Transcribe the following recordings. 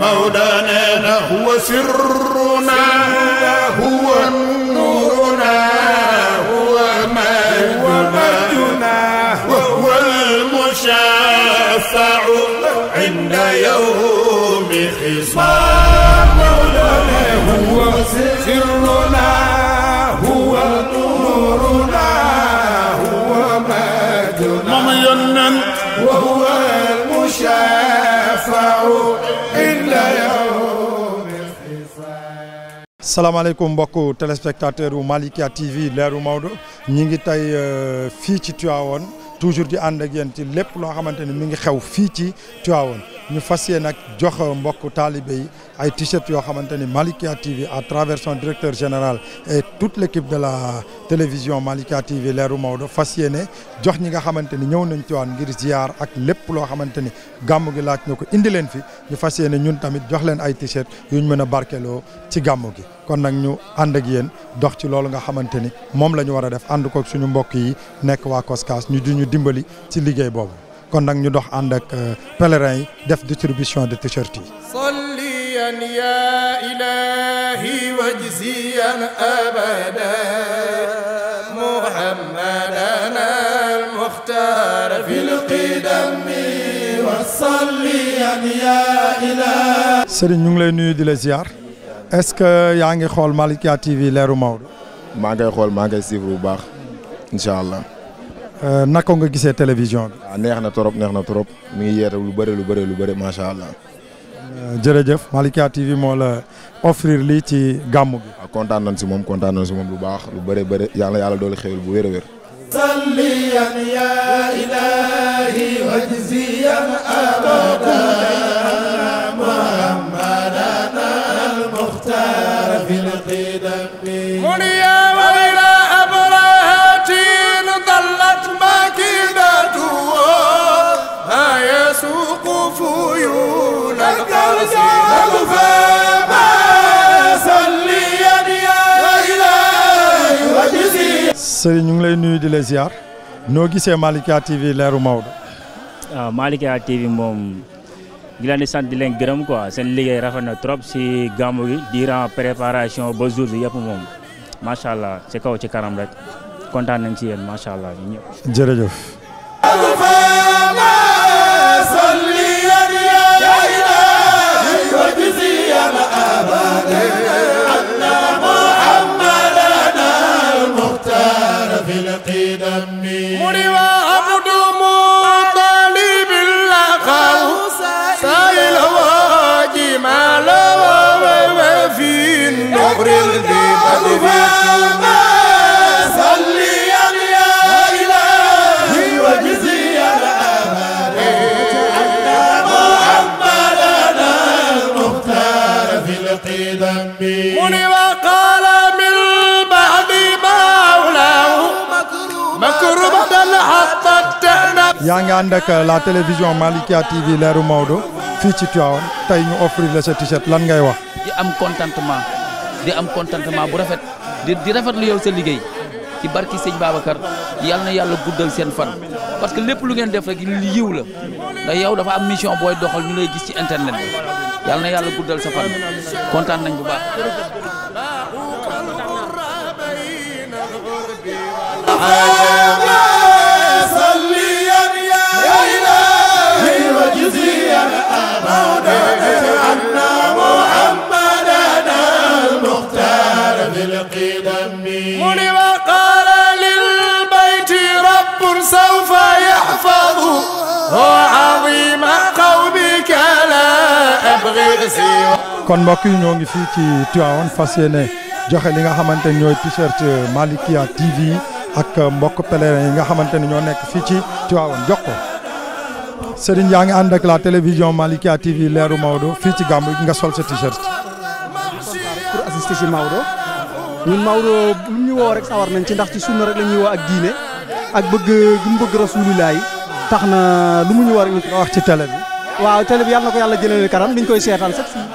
مولانا هو سرنا هو نورنا هو مجدنا وهو المشافع عند يوم خصام مولانا هو سرنا هو نورنا هو مجدنا وهو المشافع salaamaaleykum mbokku téléspectateur u Malikia TV leeru Maodo ñi ngi tey euh, fii ci Tivaouane toujours di ànd ak yéen lépp loo xamante ni mi ngi xew fii ci Tivaouane ñu fas yéene nag jox mbokku taalibe ay t-shirt yo xamanteni Malika Malikia TV à travers son directeur général et toute l'équipe de la télévision Malikia TV leeru Maodo fas jox ñi nga xamante ni ñëw nañ ngir ziar ak lépp lo xamanteni gamu gi laaj ko indi leen fi ñu ñun tamit jox leen ay t-shirt yuñ mën ci gamu gi kon nak ñu and ak yeen dox ci lolu nga xamanteni mom lañu wara def ànd koog suñu mbokk yi nek wa Koskas ñu di dimbali ci liggéey bobu kon nak ñu dox and ak euh, pèlerins def distribution de t-shirt جزيا يا إلهي وجزيا أبدا محمدنا المختار في القدم وصليا يا إلهي Serigne ñu ngi lay nuyu di la ziar est-ce que yaa ngi xool Malikia TV leeru Maodo. maa ngay xool maa ngay suivre bu baax incha allah. naka nga gisee télévision bi. neex na trop neex na trop mi ngi yeete lu bëri lu bëri lu bëri macha allah. Euh, jërëjëf Malikia TV moo la offrir lii ci gàmmu gi. waaw ah, kontaan nañ si moom kontaan si mom lu baax lu bëre bëre yàlla yàlla doole xéwal bu wér a wér. ya ilahi wajziyan abada sëriñ ñu ngi lay nuyu di la ziar noo gisee Malikia TV leeru Maodo. waaw ah, Malikia TV moom di leen di sant di leen gërëm quoi seen liggéey rafet na trop si gàmmu gi durant préparation ba jour bi yëpp moom macha allah ci kaw ci kanam rek kontaan nañ ci yéen macha allah ñun ñëpp. jërëjëf. yaa ngi ànd ak la télévision Malikia TV leeru Maodo fii ci Tivaouane tey ñu offrir la sa t lan ngay wax. di am contentement di am contentement bu rafet di di rafetlu yow sa liggéey ci barki sëñ Babacar yal na yàlla guddal seen fan parce que lépp lu ngeen def rek yiw la ndax yow dafa am mission booy doxal ñu lay gis ci internet bi yal na yàlla guddal sa fan kontaan nañ bu baax. kon mbokk yi ñoo ngi fii ci Tivaouane fas yéene joxe li nga xamante ni ñooy t-shirt Malikia TV ak mbokk pèlerin yi nga xamante ni ñoo nekk fii ci Tivaouane jox ko Serigne yaa ngi ànd ak la télévision Malikia TV leeru Maodo fii ci gàmmu nga sol sa t-shirt. pour assister ci Maodo ñun Maodo lu ñu woo rek sawar nañ ci ndax ci sunna rek la ñuy woo ak diine ak bëgg gu mu bëgg rasulullah tax na lu mu ñu woo rek ñu wax ci télé bi. waaw télé bi yàlla na ko yàlla jëlee kanam liñ koy seetaan sax fii.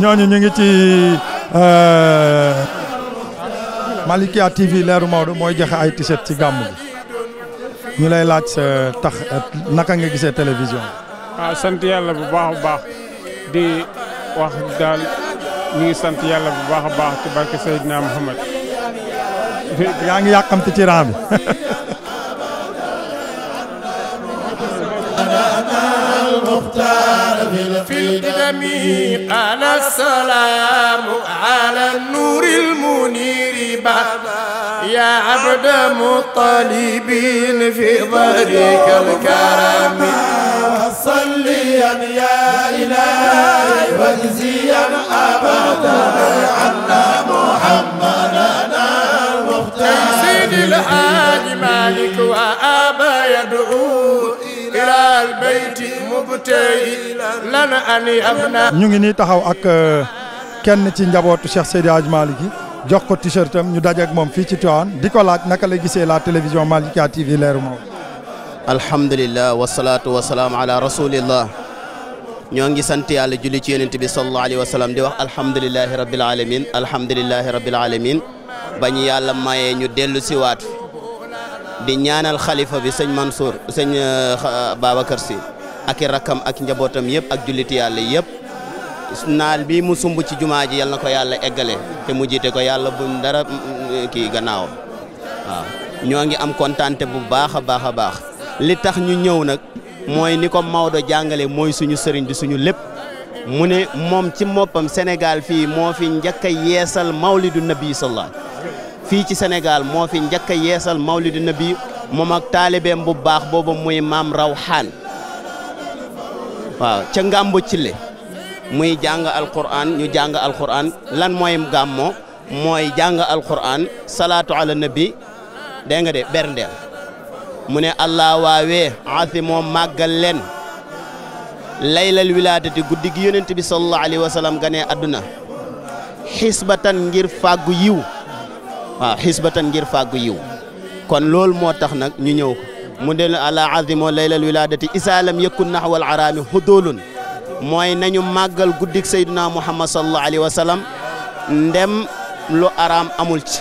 ñooñu ñu ngi ci. Euh, Malikia TV leeru Maodo mooy jaxe ay t-shirt ci gàmmu bi. ñu lay laaj sa tax naka nga gisee télévision. ah sant yàlla bu baax baax di wax daal ñu ngi sant yàlla bu baax baax ci barke Seydina Muhammad. yaa ngi yàqamti ci rang bi. في الدم قال السلام على النور المنير بعد يا عبد مطلبين في ظهرك الكرم صليا يا إلهي واجزيا أبدا عنا محمدنا المختار سيدي الحاج مالك وأبا يدعو إلى البيت مبتئلا لنا أن يبنى ñu ngi nii taxaw ak euh, kenn ci njabootu Cheikh jox ko t-shirt am ñu dajeeg moom fii ci Tivaouane di ko laaj naka lay gisee la télévision Malikia TV leeru moom. alhamdulilah wasalaatu wasalaam ala rasulillah ñoo ngi sant yàlla julli ci yonent bi sallallahu alayhi wa salaam di wax alhamdulilahi rabbil alamin alhamdulilahi rabbil alamin ba ñu yàlla mayee ñu dellu si waat di ñaanal xalifa bi sëñ Mansour sëñ euh, Babacar Sy ak i rakkam ak njabootam yëpp ak julliti yàlla yëpp. naal bi mu sumb ci jumaa ji yal na ko yàlla eggale te mu jiite ko yàlla bu dara kii gannaaw ñoo ngi am kontaante bu baax a baax a baax li tax ñu ñëw nag mooy ni ko Maodo jàngale mooy suñu sëriñ di suñu lépp mu ne moom ci moppam Sénégal fii moo fi njëkk a yeesal mawlidu nabii sallallahu fii ci Sénégal moo fi njëkk a yeesal mawlidu nabi moom ak taalibeem bu baax boobu muy maam Rawxaan waaw ca Ngàmbu Cile muy jàng alquran ñu jàng alquran lan mooy gàmmo mooy jàng alquran salaatu ala nabi dégg nga de berndeel mu ne allah waawee asi moo màggal leen laylal wilaadati guddi gi yonent bi sallallahu alayhi wa sallam ganee àdduna xisbatan ngir fàggu yiw waaw xisbatan ngir fàggu yiw kon loolu moo tax nag ñu ñëw mu del allah azimoo laylal wilaadati isaa lam yakun naxwal araami hudoolun mooy nañu màggal guddik sayduna muhammad sallallahu alayhi wa sallam ndem lu araam amul ci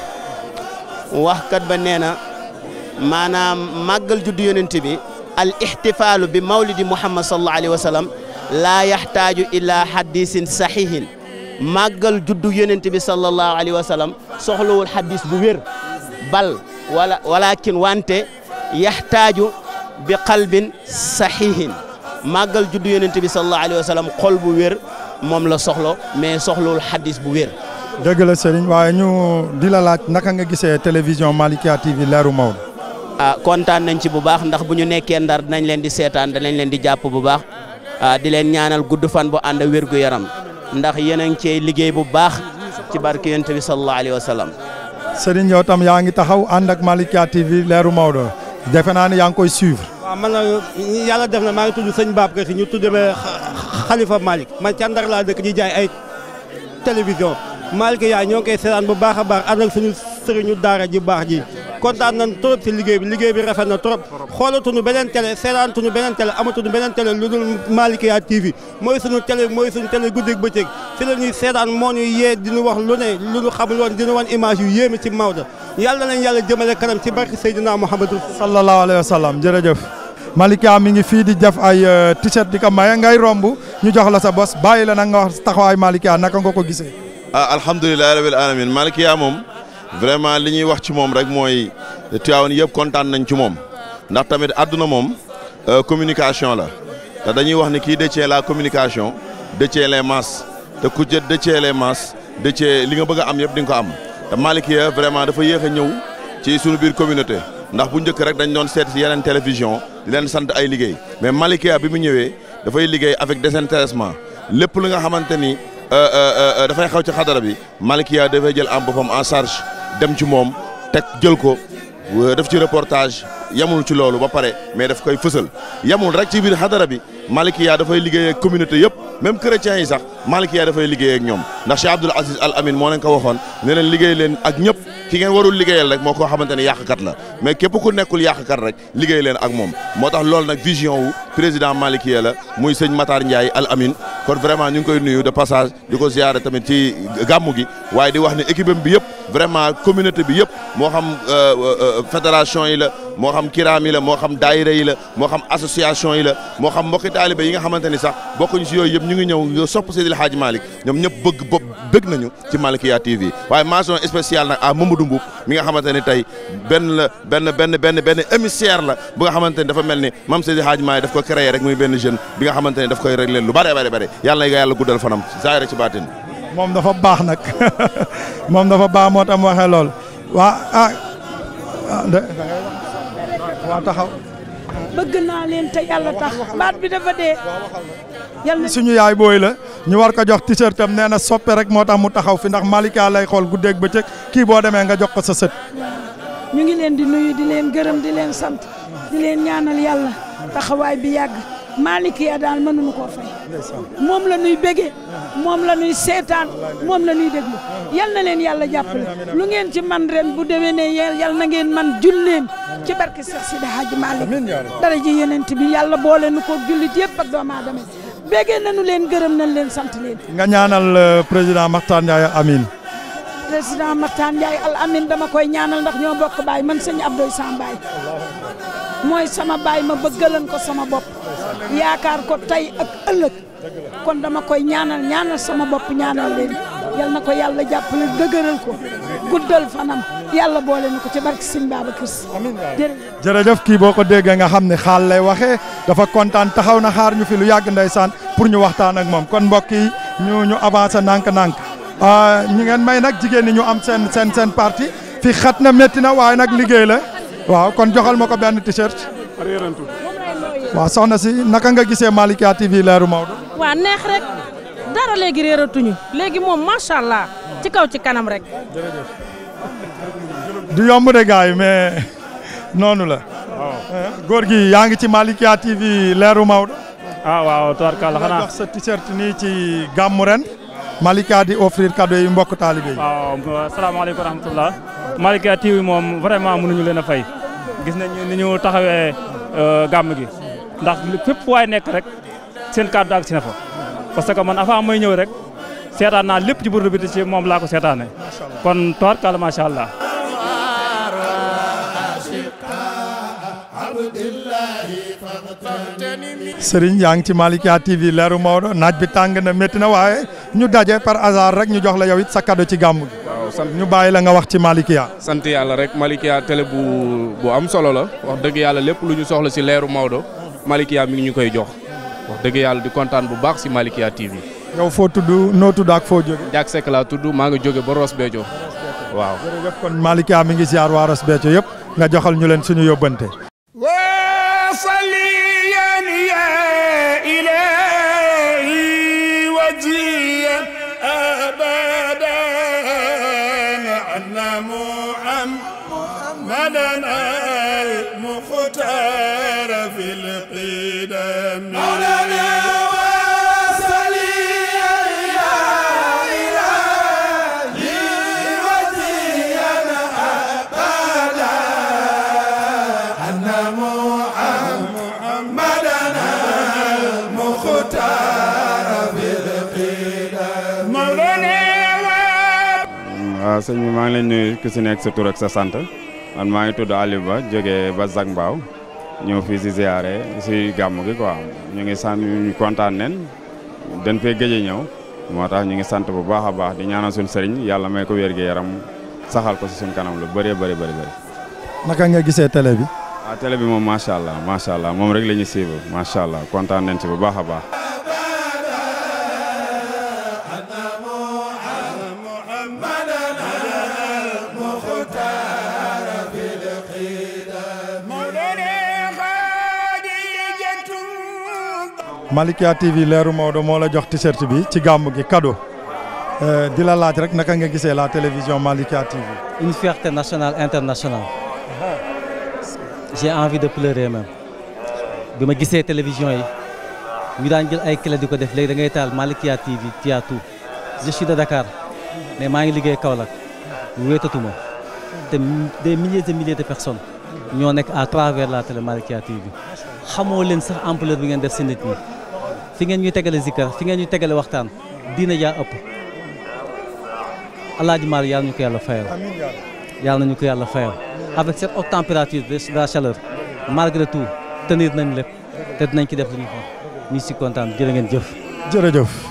waxkat ba nee na maanaam màggal juddu yonent bi al ixtifaalu bi mawlidi muhammad sallallahu alayhi wa sallam laa yaxtaaju ila xadisin saxihin màggal juddu yonent bi sallallahu alayhi wa sallam soxlawul xadis bu wér bal wala walakin wante yaxtaaju bi qalbin saxihin magal juddu yonent bi sallallahu Alaihi Wasallam, xol bu wer mom la soxlo mais soxlawul hadith bu wer deug la Serigne way ñu di la laaj naka nga gisee television Malikia TV leru maw ah contane nañ ci bu baax ndax bu ñu nekkee ndar dinañ leen di seetaan dañ leen di japp bu baax ah, di leen ñaanal gudd fan bu and wer gu yaram ndax yéen ngi bu baax ci barke yonent bi sallallahu Alaihi Wasallam. Serigne yow tam yaa taxaw ànd ak Malikia TV leru Maodo defena ni yang koy suivre. waaw man yàlla def na maa ngi tudd sëñ Babacar Sy ñu tuddee ma Khalifa Malick man ca laa dëkk di jaay ay télévision Malick yaa ñoo ngi koy seetaan bu baax a baax ànd ak suñu sëriñu daare ji baax ji kontaan nan trop si liggéey bi liggéey bi rafet na trop xoolatuñu beneen télé seetaantuñu beneen télé amatuñu beneen télé lu dul Malick yaa TV mooy suñu télé mooy suñu télé guddeeg bëccëg fi la ñuy seetaan moo ñu yee di ñu wax lu ne lu ñu xamul woon di ñu wan image yu yéeme ci Maodo yàlla nañ yàlla jëmale kanam ci barke Seydina Mouhamadou sallallahu alayhi wa sallam jërëjëf Malika mi ngi fii di jaf ay euh, t-shirt di ko maye ngay romb ñu jox la sa bos bàyyi la nag nga wax taxawaay Malika naka nga ko gisee. ah alhamdulilah rabil alamin Malika moom vraiment li ñuy wax ci moom rek mooy Tivaouane yëpp kontaan nañ ci moom ndax tamit àdduna moom euh, communication la te dañuy wax ni kii détient la communication détient les masses te ku jë détient les masses détient li nga bëgg a am yëpp di nga ko am te Malika vraiment dafa yéex a ñëw ci sunu biir communauté ndax bu njëkk rek dañ doon seet si yeneen télévision. di leen sant ay liggéey mais Malikia bi mu ñëwee dafay liggéey avec désintéressement lépp lu nga xamante ni euh, euh, euh, dafay xaw ci xadara bi Malikia dafay jël en boppam en charge dem ci moom teg jël ko def ci reportage yamul ci loolu ba pare mais daf koy fësal yamul rek ci biir xadara bi Malikia dafay liggéey ak communauté yëpp même chrétiens yi sax Malikia dafay liggéey ak ñoom ndax Cheikh Abdoul Aziz Al Amin moo leen ko waxoon ne leen liggéey leen ak ñëpp. ki ngeen warul liggéeyal rek moo koo xamante ne yàqkat la mais képp ku nekkul yàqkat rek liggéey leen ak moom moo tax loolu nag vision wu président Malick yee la muy sëñ Matar Ndiaye Al Amin kon vraiment ñu ngi koy nuyu de passage di ko ziare tamit ci gàmmu gi waaye di wax ne équipe bi yëpp vraiment communauté bi yëpp moo xam euh, euh, euh, fédération yi la moo xam kiraam yi la moo xam daayira yi la moo xam association yi la moo xam mbokki taaliba yi nga xamanteni sax bokku ñu ci yoy yëpp ñu ngi ñëw nga sopp Seydil Hadji Malik ñom ñëp bëgg bopp bëgg nañu ci Malikia TV waaye mention spéciale nak à Mamadou Mboup mi nga xamanteni tay ben benn la ben ben benn benn émissaire la bu nga xamanteni dafa melni mam Seydil Hadji Malik daf ko créer rek muy ben jeune bi nga xamanteni daf koy régler lu bari bari bari yàlla nga yàlla guddal fanam zaire ci batine mom dafa bax nak mom dafa ba motam waxe lol wa ah waaw taxaw. bëgg naa leen te yàlla tax baat bi dafa dee. yàlla suñu yaay booy la ñu war ko jox t-shirt am nee na soppe rek moo tax mu taxaw fi ndax Malika lay xool guddeeg bëccëg kii boo demee nga jox ko sa sët. ñu ngi leen di nuyu di leen gërëm di leen sant di leen ñaanal yàlla taxawaay bi yàgg. Malikia daal mënuñu koo fay moom la nuy bége moom la nuy seetaan moom la nuy déglu yal na leen yàlla jàppale lu ngeen ci man ren bu déwénee yal na ngeen man julleem ci barke Seex Sidi Haaji Malik dara ji yeneen bi yàlla boole nu ko julli yëpp ak doomu aadama bége nañu leen gërëm nañ leen sant leen. nga ñaanal euh, président Makhtar Ndiaye amin président Makhtar Ndiaye al amin dama koy ñaanal ndax ñoo bokk baay man sëñ ab Sam baay mooy sama baay ma bëggalan ko sama bopp yaakaar ko tey ak ëllëg kon dama koy ñaanal ñaanal sama bopp ñaanal leen yal na ko yàlla jàppale dëgëral ko guddal fanam yàlla boole na ko ci barke sëñ Babacar Si jërëjëf kii boo ko déggee nga xam ne xaal lay waxe dafa kontaan taxaw na xaar ñu fi lu yàgg saan pour ñu waxtaan ak moom kon mbokk yi ñu ñu avancé nànk-nànk Ah, ñi ngeen may nak jigen ni ñu am sen sen sen parti fi xatna metti na way nak liggey la waaw kon joxal mako ben t-shirt waaw soxna si naka nga gisee malika TV leeru mawdu waaw neex rek dara léegi réeratuñu léegi moom macha allah ci kaw ci kanam rek du yomb de gaay mais nonu la eh, gi yaangi ci malika TV leeru mawdu ah waaw tawarkal xana wax sa t-shirt ni ci gamu ren Malika di offrir cadeau mbokk taalibe yi. waaw salaamaaleykum wa rahmatulah. Malika TV moom vraiment mënuñu leen a fay. gis nañu ni ñu taxawee euh, gàmm gi. ndax fépp waay nekk rek seen kàddu ak si na fa. parce que man avant may ñëw rek seetaan naa lépp ci burdu bi ci moom laa ko seetaanee. kon toor kàlla macha allah. serigne yang ci malika TV leru Maodo naaj bi tang na metti na waaye ñu dajé par hasard rek ñu jox la yow it sa cadeau ci gàmm sant ñu bayila nga wax ci Malikia. sant yalla rek Malikia télé bu bu am solo la wax deug yalla lepp lu ñu soxla si leru Maodo Malikia mi ngi ñu koy jox wax deug yalla di contane bu baax ci Malikia TV. yow fo tuddu no tuddu ak fo jóge. jak Seck la tuddu ma nga jóge ba Ross bejo waaw jërëjëf kon Malikia mi ngi ziar wa Ross Béthio nga joxal ñu len suñu waaw sëñ bi maa ngi leen nuyu ku si nekk sa tur sa sant man maa ngi tudd Aliou Ba ba Zac Mbao ñëw fii si ziare si gàmm gi quoi ñu ngi sant ñu kontaan nen dañ fee gëj a ñëw moo tax ñu ngi sant bu baax a baax di ñaanal suñu sëriñ yàlla may ko wér gi yaram saxal ko si suñu kanam lu bëree bëri bëri bëri. naka nga gisee télé bi. Ah, bi moom macha allah macha allah moom rek la ñu siiba macha allah kontaan nañ ci bu baax a baax. Malikia TV leeru Maodo moo la jox t-shirt bi ci gambu gi cadeau euh, di la laaj rek naka nga gisee la télévision Malikia TV. une fierté nationale internationale. j'ai envie de pleurer même bima ma gisee télévision yi ñu daan jël ay clé diko def légui da ngay taal Malikia TV tiatu je suis de Dakar mais ma ngi liggéey Kaolack wétatuma te des milliers et milliers de personnes ñoo nek à travers la télé Malikia TV xamoo leen sax ampleur bi ngeen def si nit ñi. fi ngeen ñu tegale zikkar fi ngeen ñu tegale waxtaan diina jaa ëpp alaaj maar yàlla ñu ko yàlla fayal yàlla nañu ko yàlla fayal avec cette haute température de la chaleur malgré tout tenir nañ lépp te dinañ ci def lu ñu xam ñu si kontaan jërë ngeen jëf jërëjëf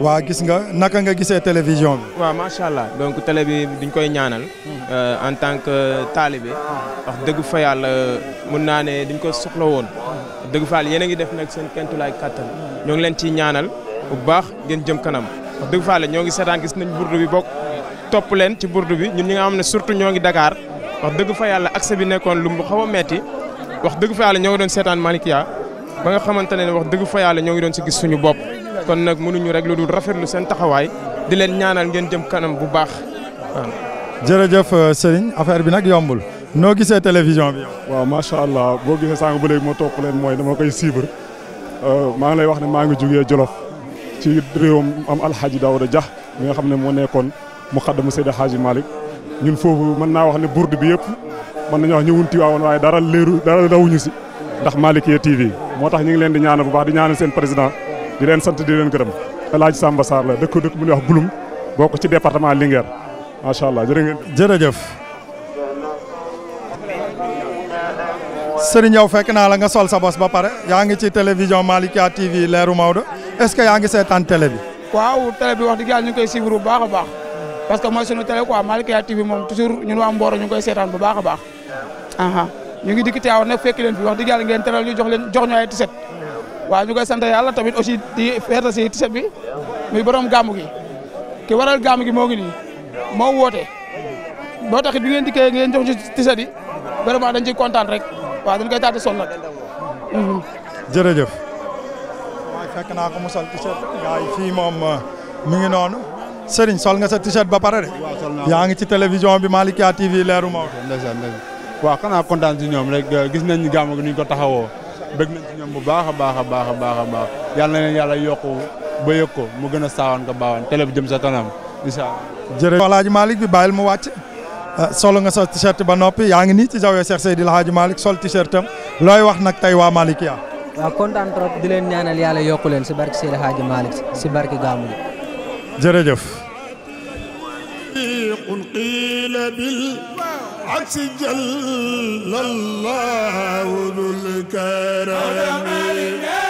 waa gis nga naka nga gisee télévision bi. waa macha allah donc télé bi duñ koy ñaanal. Euh, en tant que taalibe. wax dëgg fa yàlla mën naa ne dañ ko soxla woon. dëgg fa yéen a ngi def nag seen kentulaay kàttan. ñoo ngi leen ciy ñaanal. bu baax ngeen jëm kanam. wax dëgg fa yàlla ñoo ngi seetaan gis nañ burdu bi bokk. topp leen ci burdu bi ñun ñi nga xam ne surtout ñoo ngi dakaar wax dëgg fa yàlla accès bi nekkoon lu mu xaw a metti wax dëgg fa yàlla ñoo ngi doon seetaan Malikia ba nga xamante ne wax dëgg fa yàlla ñoo ngi doon si gis suñu bopp kon nag mënuñu rek lu dul rafetlu seen taxawaay di leen ñaanal ngeen jëm kanam bu baax jërëjëf euh, Serigne affaire bi nag yombul noo gisee télévision bi. waaw macha allah boo gisee sànq ba léegi ma topp leen mooy dama koy suivre euh, maa ngi lay wax ne maa ngi jugee Jolof ci réewam am alxaaji Daouda Dia mi nga xam ne moo nekkoon mu xaddamu Seydi Xaaji Malick ñun foofu mën naa wax ne bourde bi yëpp mën nañu wax ñëwun Tiwaawoon waaye dara leeru dara dawuñu si ndax Malikia TV moo tax ñu ngi leen di ñaanal bu baax di ñaanal seen président. di leen sant di leen gërëm El Hadj la dëkk dëkk bu ñuy wax Gouloum bokk ci département Linguère macha allah jërëjëf. Serigne yow fekk naa la nga sol sa bos ba pare yaa ngi ci télévision Malikia TV leeru Maodo est-ce que yaa ngi seetaan télé bi. waaw télé bi wax dëgg yàlla ñu ngi koy suivre bu baax a baax parce que mooy sunu télé quoi Malikia TV moom toujours ñun waa Mboro ñu ngi seetaan bu baax a baax. ñu ngi dikk teewoon nag fekk leen fi wax dëgg yàlla waaw ñu koy sant yàlla tamit aussi di feetal si tiset bi muy borom gàmmu gi ki waral gàmmu gi moo ngi nii moo woote boo taxit bi ngeen dikkee ngeen jox ci tiset yi vraiment dañ ci kontaan rek waaw dañ koy taati sonal. Mhm. jërëjëf. waaye fekk naa ko musal sol gaay waaye fii moom euh, mi ngi noonu Serigne sol nga sa tiset ba pare de. yaa ngi ci télévision bi Malikia TV leeru ma waaw xanaa kontaan si ñoom rek gis nañ gàmmu gi ni ñu ko taxawoo. bëgg nañ ci ñoom bu baax a baax a baax a baax a baax yàlla na leen yàlla yokku ba yëg ko mu gën a saawan nga baawan télé bi jëm sa kanam incha allah. jërëjëf Alaaji Malick bi bàyyil mu wàcc ah, solo nga sa t-shirt ba noppi yaa ngi nii ci Zawiya Cheikh Seydil Hadji Malick sol t-shirt am looy wax nag tey waa Malick yaa waaw kontaan trop di leen ñaanal yàlla yokk leen si barke Seydil Hadji Malick si barke Gàmmu jërëjëf شيخ قيل بالعكس جل الله ذو الكرم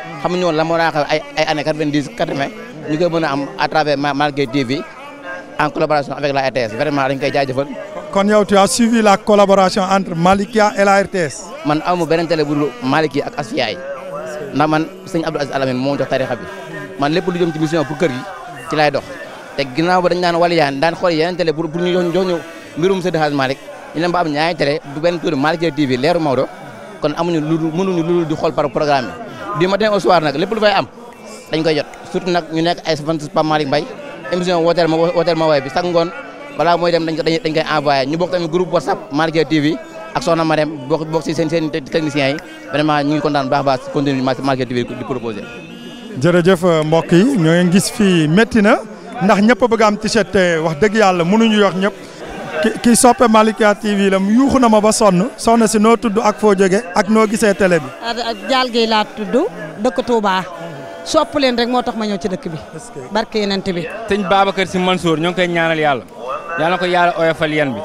xamnu la moo daan ay ay années 90 80 ñu koy mëna am à travers Malick TV en collaboration avec la RTS vraiment dañ koy jaajëfal. kon yow tu as suivi la collaboration entre Malikia et la RTS. man amu beneen télé bu Maliki ak Asfiya yi man Seigne Abdou Aziz Alamine moo jox tarixa bi man lepp lu jëm ci mission pour kër gi ci lay dox té ginnaaw ba dañ daan waliyaan dañ xol yeneen télé bu pour ñu jox ñu mirum Seyd Hadj Malick ñu leen ba am ñaari télé du benn tour Malikia TV leeru mawdo kon amuñu lu mënuñu lu di xol par programme du matin au soir nag lépp lu fay am dañ koy jot surtout nak ñu nek ay sponsor Pape malik bay émission wooteel ma wooteel ma way bi sax ngoon bala moy dem dañ ko dañ koy envoyer ya. ñu bok tamit groupe WhatsApp Malikia TV ak soxna ma dem bok bokk si sen seen techniciens yi vraiment ñu ngi kontaan bax bax continue ma Malikia TV di proposer jere jeuf mbokk yi ñoy ngi gis fii métti na ndax ñepp bëgg am t-shirt eh, wax deug yalla mënu ñu wax ñepp ki ki soppe Malikia TV la mu yuuxu na ma ba sonn soxna si noo tudd ak foo jóge ak noo gisee télé bi. jaal gi laa tudd dëkk Touba sopp leen rek moo tax ma ñëw ci dëkk bi. barke yenent bi. sëñ Babacar Sy Mansour ñoo ngi koy ñaanal yàlla yàlla na ko yàlla oyofal yan bi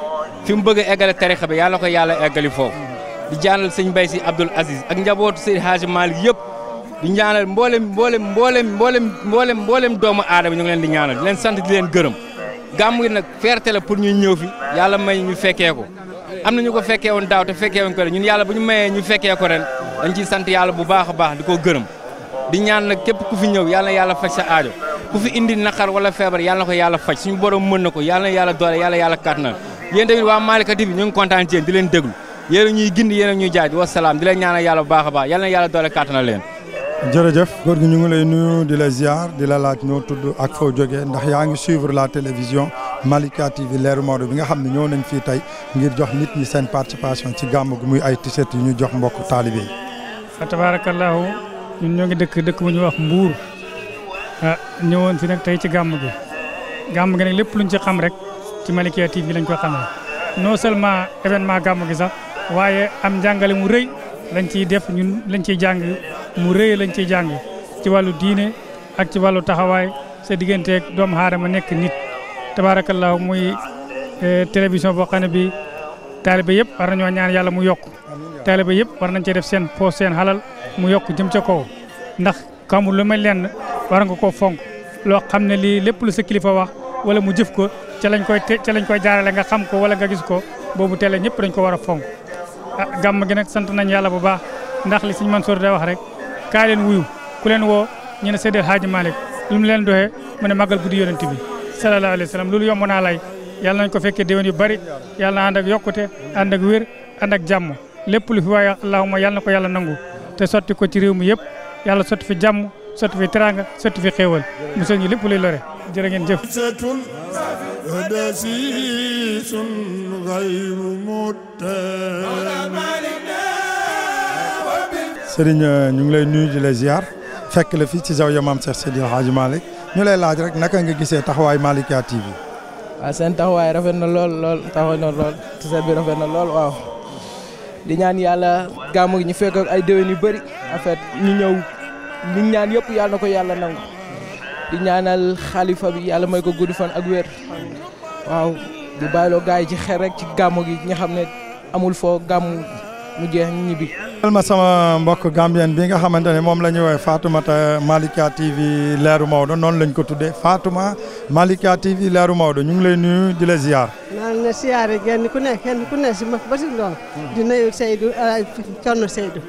fi mu bëgg a eggale tarixa bi yàlla na ko yàlla eggali foofu di jaanal sëñ Mbaye Sy Abdoul Aziz ak njaboot sëñ Hadji Malick yëpp di ñaanal mboolem mboolem mboolem mboolem mboolem mboolem doomu aadama ñu ngi di ñaanal di leen sant di leen gërëm gàmm gi nag fierté la pour ñu ñëw fi yàlla may ñu fekkee ko am na ñu ko fekkee woon daaw te fekkee woon ko ren ñun yàlla bu ñu mayee ñu fekkee ko ren dañ ciy sant yàlla bu baax baax di ko gërëm di ñaan na képp ku fi ñëw yàlla yàlla faj sa aajo ku fi indi naqar wala feebar yàlla na ko yàlla faj suñu borom mën na ko yàlla yàlla doole yàlla yàlla kàttanal yéen tamit waa Malick TV ñu ngi kontaan ci yéen di leen déglu yéen ñuy gindi yéen ñuy jaaj wasalaam di leen ñaanal yàlla bu baax a baax yàlla yàlla doole kàttanal leen jërëjëf góor gi ñu ngi lay nuyu di la ziar di la laaj ñoo tudd ak foo jógee ndax yaa ngi suivre la télévision Malika TV leeru Maodo bi nga xam ne ñëw nañ fii tey ngir jox nit ñi seen participation ci gàmm gu muy ay t-shirt yu ñu jox mbokk taalibe yi. fa tabaarakallaahu ñun ñoo ngi dëkk dëkk bu ñuy wax Mbuur ah ñëwoon fi nag tey ci gàmm gi gàmm gi nag lépp luñ ci xam rek ci Malika TV lañ ko xamee non seulement événement gàmm gi sax waaye am njàngale mu rëy lañ ciy def lañ ciy jàng. mu rëy lañ ciy jàng ci wàllu diine ak ci wàllu taxawaay sa digganteeg doomu aadama nekk nit tabaarakallaahu muy eh, télévision boo xam ne bi taalibe yëpp war nañoo ñaan yàlla mu yokk taalibe yëpp war nañ cee def seen poos seen xalal mu yokk jëm ca kaw ndax xamul lu may lenn war nga koo fonk loo xam ne lii lépp lu sa kilifa wax wala mu jëf ko ca lañ koy ca lañ koy jaarale nga xam ko wala nga gis ko boobu tele ñëpp dañ ko war a fonk ah gi nag sant nañ yàlla bu baax ndax li Sëñ Mansour day kaa leen wuyu ku leen woo ñu ne Seydi Hadji Malick lu mu leen doxee mu ne màggal guddi yonent bi sallallahu alayhi wa sallam loolu yomb naa lay yàlla nañ ko fekkee déwén yu bari yàlla na ànd ak yokkute ànd ak wér ànd ak jàmm lépp lu fi waaye allahuma yàlla na ko yàlla nangu te sotti ko ci réew mi yëpp yàlla sotti fi jàmm sotti fi teraanga sotti fi xéewal monsieur ñu lépp luy lore jërë ngeen jëf dasisun gayru muttan Serigne euh, ñu ngi lay nuyu di la fekk la fii ci Zawiya Maam Cheikh Seydi El Hadji Malick ñu lay laaj rek naka nga gisee taxawaay Malikia TV. waaw seen taxawaay rafet na lool lool taxawaay na lool set bi rafet na lool waaw. di ñaan yàlla gàmmu ñu fekk ay déwén yu bëri en ñu ñëw li ñaan yëpp yàlla na ko yàlla nangu. di xalifa bi yàlla may ko gudd fan ak wér. waaw di bàyyiloo gars yi ci xel rek ci gàmmu gi ñi xam ne amul foo gàmmu. mu a ñu ñibbi. ma sama mbokk Gambien bi nga xamante ne moom la ñu woowee Fatoumata Malika TV leeru Maodo noonu lañ ko tuddee Fatouma Malika TV leeru Maodo ñu ngi lay nuyu di la ziar. naan la ziare ku ne kenn ku ne si ma ba si lool. di nuyu Seydou euh, Thierno Seydou.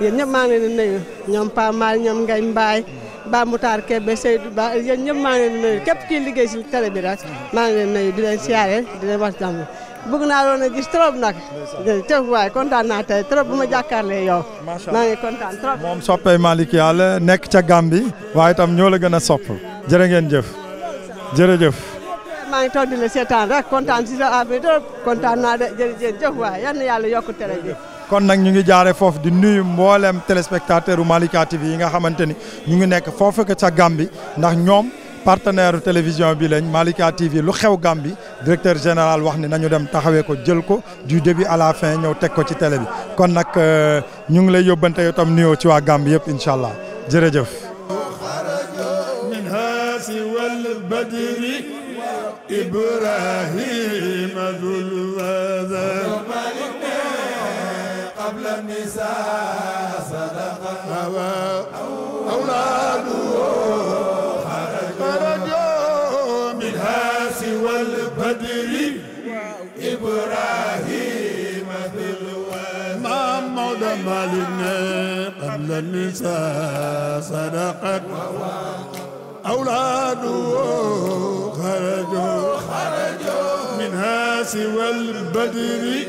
yéen ñëpp maa ngi leen di nuyu ñoom Pa ñoom Ngaye Mbaye. Ba Moutar Kébé Seydou Ba yéen ñëpp maa ngi leen kii liggéey si télé bi rek maa ngi di nuyu di leen ziare di leen wax bëgg naa doon a gis trop nag. jërëjëf waay kontaan naa tey trop bu ma jàkkaarlee yow. macha allah maa kontaan trop. moom soppee Malick nekk ca Gambie waaye tam ñoo la gën a sopp jërë ngeen jëf jërëjëf. maa ngi toog di la seetaan rek kontaan si sa affaire trop kontaan naa de jërëjëf waay yal na yokk tere bi. kon nag ñu ngi jaare foofu di nuyu mboolem téléspectateur u Malika TV yi nga xamante ni ñu ngi nekk foofu ca Gambie ndax ñoom. partenaire télévision bi lañ Malika TV lu xew Gambie directeur général wax ni nañu dem taxawé ko jël ko du début à la fin ñeu tek ko ci télé bi kon nak euh, ñu ngi lay yóbbante yow tam nuyoo ci waa Gambie yëpp incha jërëjëf. مالنا قبل النساء صدقت أولاده خرجوا منها سوى البدر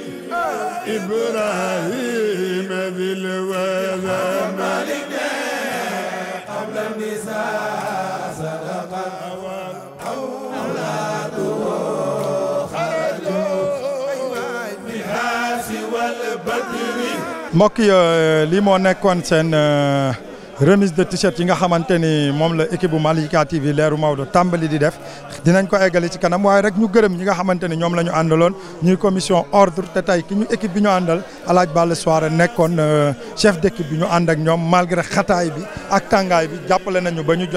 إبراهيم ذي الوذا mbokk yi euh, lii moo euh, remise de t-shirt yi nga xamanteni mom moom la équipe bu TV leeru Maodo tambali di def dinañ ko égalé ci kanam way rek ñu gërëm ñi nga xamanteni ñom lañu andalon ñuy commission ordre te tey ki ñu équipe bi ñu andal alaaj Balla Soare nekkoon euh, chef d'équipe bi ñu and ak ñom malgré xataay bi ak tàngaay bi jappalé nañu ba ñu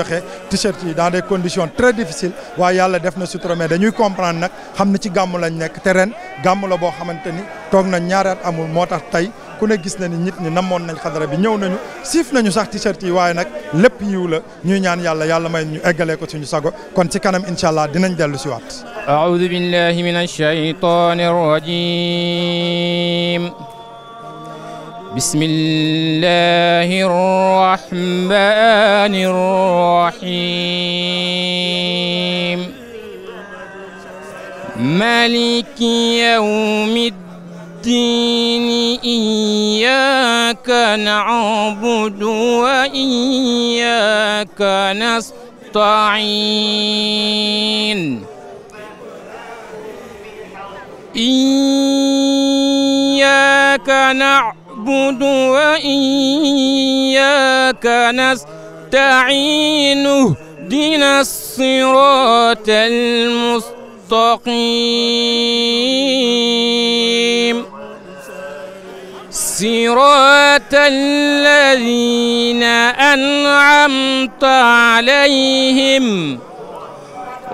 t-shirt yi dans des conditions très difficiles wa yalla def na sutromé dañuy comprendre nak xamna ne ci gamu lañ nekk te ren gàmm la bo xamanteni tok na ñaari at amul motax tay. ku ne gis na ni nit ñi namoon nañ xadara bi ñëw nañu siif nañu sax t-shirt yi waaye nag lépp yiw la ñuy ñaan yàlla yàlla may ñu eggalee ko suñu sago kon ci kanam incha allah dinañ dellu si waat aoudu billahi min بسم الله الرحمن الرحيم arrahim يوم الدين الدين إياك نعبد وإياك نستعين إياك نعبد وإياك نستعين اهدنا الصراط المستقيم صراط الذين أنعمت عليهم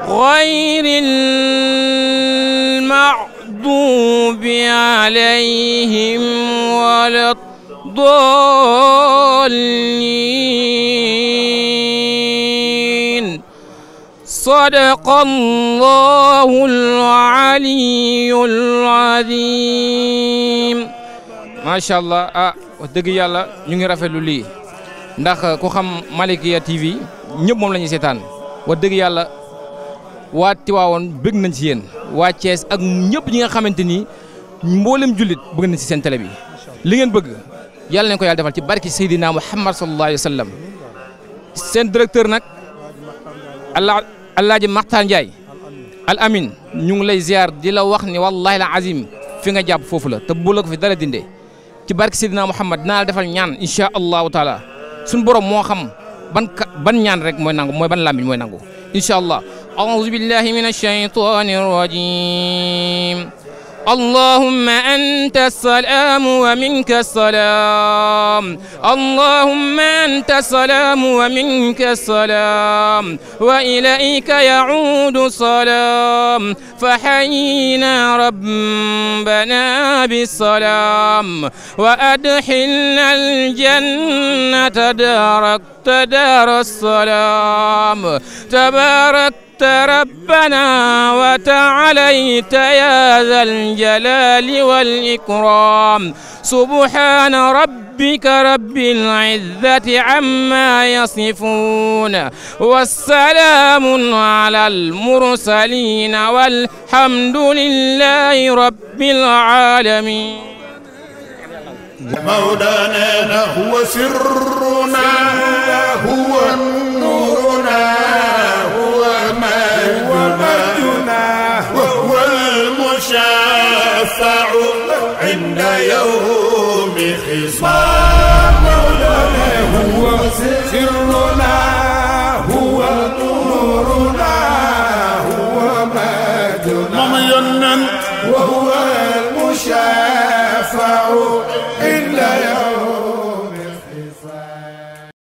غير المعدوب عليهم ولا الضالين صدق الله العلي العظيم macha allah ah wa dëgg yàlla ñu ngi rafetlu lii ndax eh, ku xam Malikia TV ñëpp moom lañuy ñuy seetaan wax dëgg yàlla waa Tiwaawoon bëgg nañ ci yéen waa cees ak ñëpp ñi nga xamante ni mboolem jullit bëgg nañ ci seen télé bi. li ngeen bëgg yàlla nañ ko yàlla defal ci barki Seydina Muhammad sallallahu alayhi wa sallam seen directeur nag allah Alaaji Maxtaar al amin ñu ngi lay ziar di la wax ni wallahi la azim fi nga jàpp foofu la te bu la ko fi dara dindee. ci barke Seydina Muhammad dinaa la defal ñaan incha allahu taala suñu borom moo xam ban ban ñaan rek mooy nangu mooy ban làmmiñ mooy nangu incha allah. auzu billahi mina shaytaani rajim اللهم أنت السلام ومنك السلام اللهم أنت السلام ومنك السلام وإليك يعود السلام فحينا ربنا بالسلام وأدخلنا الجنة دارك تدار السلام تبارك ربنا وتعاليت يا ذا الجلال والإكرام سبحان ربك رب العزة عما يصفون والسلام على المرسلين والحمد لله رب العالمين مولانا هو سرنا هو نورنا مجدنا وهو المشفع عند يوم خصام مولانا هو سرنا هو نورنا هو مجدنا وهو المشفع